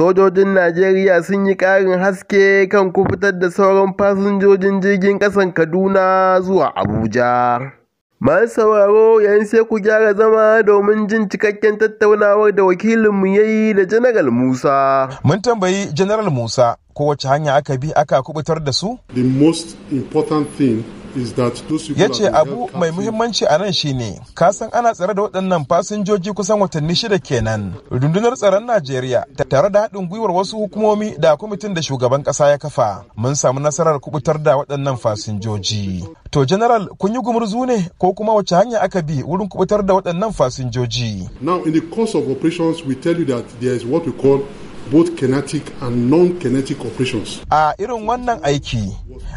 Sojojin Najeriya sun yi ƙarin haske kan kufitar da sauran fasinjojin jirgin ƙasan Kaduna zuwa Abuja. Masu sauraro yayin sai ku gyara zama domin jin cikakken tattaunawar da wakilinmu ya yi da Janaral Musa. Mun tambayi Janaral Musa kowace hanya aka bi aka kubutar da su? The most important thing ya ce abu mai muhimmanci a nan shine kasan ana tsare da waɗannan fasinjoji kusan watanni shida kenan rundunar tsaron najeriya tare da haɗin gwiwar wasu hukumomi da kwamitin da shugaban ƙasa ya kafa mun samu nasarar kubutar da waɗannan fasinjoji to general kun yi gumurzu ne ko kuma wace hanya aka bi wurin kubutar da waɗannan fasinjoji now in the course of operations we tell you that there is what we call both kinetic and non-kinetic operations. A irin wannan aiki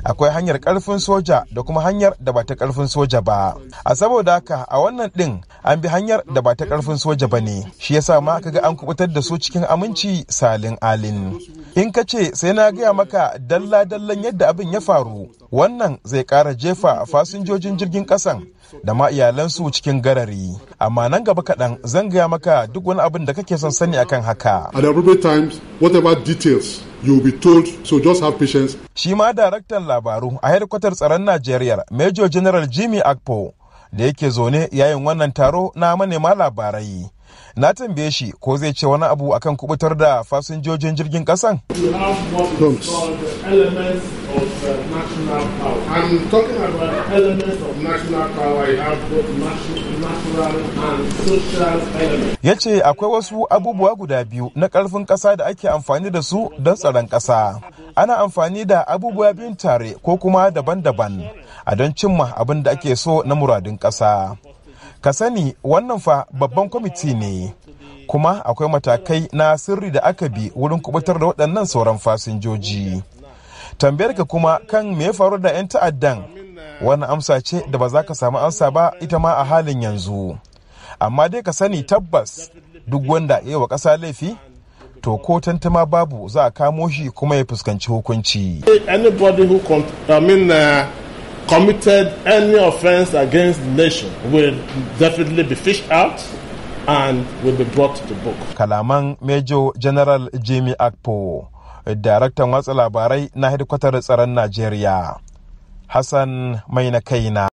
akwai hanyar karfin soja da kuma hanyar da ba ta karfin soja ba. A saboda haka a wannan din an bi hanyar da ba ta karfin soja ba ne. Shi ya sa ma kaga an kubutar da su cikin aminci salin alin. In ka ce sai na gaya maka dalla-dallan yadda abin ya faru wannan zai kara jefa fasinjojin jirgin kasan da ma iyalansu cikin garari. Amma nan gaba kaɗan zan gaya maka duk wani abin da kake son sani akan haka. times whatever details you will be told so just have patience. Shi ma daraktan labaru a hedkwatar tsaron Najeriya Major General Jimmy Akpo da yake zaune yayin wannan taro na manema labarai. na tambaye shi ko zai ce wani abu akan kubutar da fasinjojin jirgin kasan uh, ya ce akwai wasu abubuwa guda biyu na karfin kasa da ake amfani da su don tsaron kasa ana amfani da abubuwa biyun tare ko kuma daban-daban a don cimma abin da ake so na muradin kasa ka sani wannan fa babban kwamiti ne kuma akwai matakai na sirri da aka bi wurin kubutar da waɗannan sauran fasinjoji tambayar ka kuma kan me ya faru da 'yan ta'addan wannan amsa ce da ba za ka samu amsa ba ita ma a halin yanzu amma dai ka sani tabbas duk wanda ya wa ƙasa laifi to ko tantama babu za a kamo shi kuma ya fuskanci hukunci committed any offense against the nation will definitely be fished out and will be brought to book. Kalaman Major General Jimmy Akpo, daraktan watsa labarai na hedikwatar tsaron Najeriya, Hassan Mai na kaina.